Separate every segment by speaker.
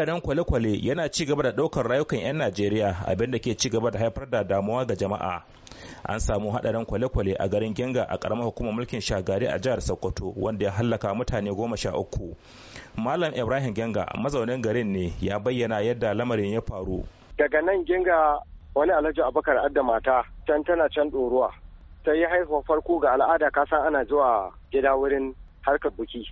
Speaker 1: hadarin kwale-kwale yana ci gaba da daukar rayukan 'yan najeriya abin da ke ci gaba da haifar da damuwa ga jama'a an samu hadarin kwale-kwale a garin genga a karamar hukumar mulkin shagari a jihar sokoto wanda ya hallaka mutane goma sha uku malam ibrahim genga mazaunin garin ne ya bayyana yadda lamarin ya faru
Speaker 2: daga nan genga wani alhaji abakar adda mata can tana can ɗoruwa ta yi haifa farko ga al'ada kasan ana zuwa gida wurin harkar buki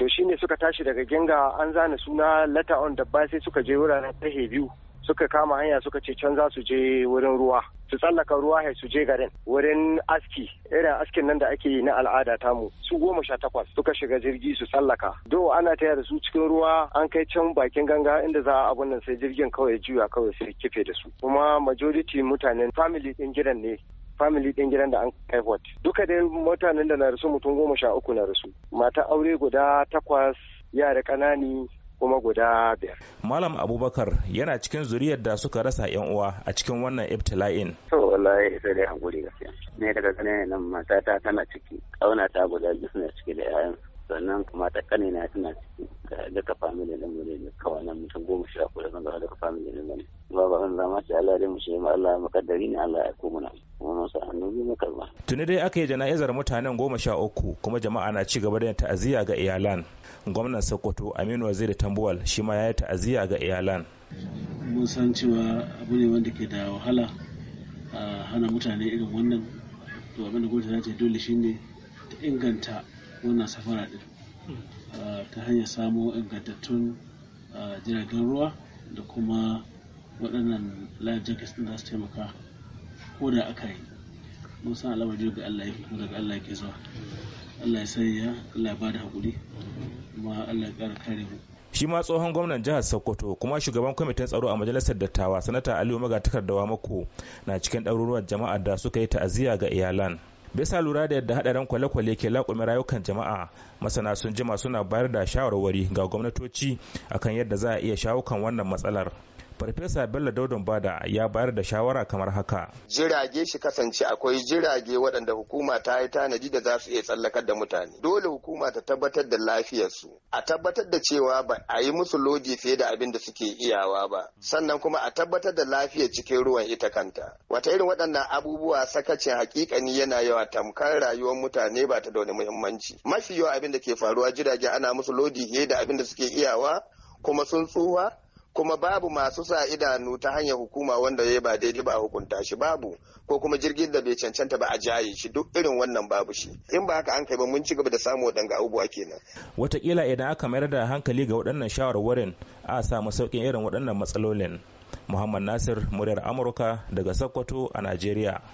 Speaker 2: to ne suka tashi daga genga an zana suna lata on ba sai suka je wuraren tahe biyu suka kama hanya suka ce can za su je wurin ruwa su tsallaka ruwa hai su je garin wurin aski irin askin nan da ake yi na al'ada tamu su goma sha takwas suka shiga jirgi su tsallaka do ana taya da su cikin ruwa an kai can bakin ganga inda za a abun nan sai jirgin kawai juya kawai sai kife da su kuma majority mutanen family din gidan ne family din gidan da an kai hot duka dai mutanen da na rasu mutum goma sha uku na rasu mata aure guda takwas yara ƙanani kuma guda
Speaker 1: biyar. Malam Abubakar yana cikin zuriyar da suka rasa yan uwa a cikin wannan ibtila'in.
Speaker 3: To wallahi sai dai hakuri gaskiya. Ne daga ganin nan matata tana ciki, ƙaunata ta guda biyu suna ciki da 'ya'yan sannan mata ƙanina suna ciki. da mu ba ba zan zama Allah
Speaker 4: kuma
Speaker 1: tuni dai aka yi jana'izar mutanen goma sha uku kuma jama'a na ci gaba da ta'aziyya ga iyalan gwamnan Sokoto Aminu Waziri Tambuwal shi ma ya yi ta'aziyya ga iyalan
Speaker 4: mun san cewa abu ne wanda ke da wahala a hana mutane irin wannan to abin gwamnati za ta dole ne ta inganta wannan safara din ta hanyar samo ingantattun jiragen ruwa da kuma waɗannan life jackets ɗin za su taimaka ko da aka yi mun san alamar jirgin ga Allah yake daga Allah ya ke zuwa Allah ya sanya Allah ya ba bada hakuri kuma Allah ya ƙara kare mu
Speaker 1: shi ma tsohon gwamnan jihar sokoto kuma shugaban kwamitin tsaro a majalisar dattawa sanata aliyu magatakar da mako na cikin ɗaruruwan jama'a da suka yi ta'aziyya ga iyalan bisa lura da yadda hadarin kwale-kwale ke laƙume rayukan jama'a masana sun jima suna bayar da shawarwari ga gwamnatoci akan yadda za a iya shawo kan wannan matsalar farfesa bello daudon bada ya bayar da shawara kamar haka
Speaker 3: jirage shi kasance akwai jirage waɗanda hukuma ta yi tanadi da za su iya tsallakar da mutane dole hukuma ta tabbatar da lafiyarsu a tabbatar da cewa ba a yi musu lodi fiye da abin da suke iyawa ba sannan kuma a tabbatar da lafiyar cikin ruwan ita kanta wata irin waɗannan abubuwa sakacin hakikani yana yawa tamkar rayuwar mutane ba ta da wani muhimmanci mafi yawa abin da ke faruwa jirage ana musu lodi fiye da abin da suke iyawa kuma sun tsuwa kuma babu masu sa idanu ta hanyar hukuma wanda ya ba daidai ba a hukunta shi babu ko kuma jirgin da bai cancanta ba a jaye shi duk irin wannan babu shi in ba haka an kai ba mun ci gaba da samu waɗanga abubuwa kenan
Speaker 1: Wataƙila idan aka mayar da hankali ga waɗannan shawarwarin a samu sauƙin irin waɗannan matsalolin muhammad nasir muryar amurka daga sokoto a najeriya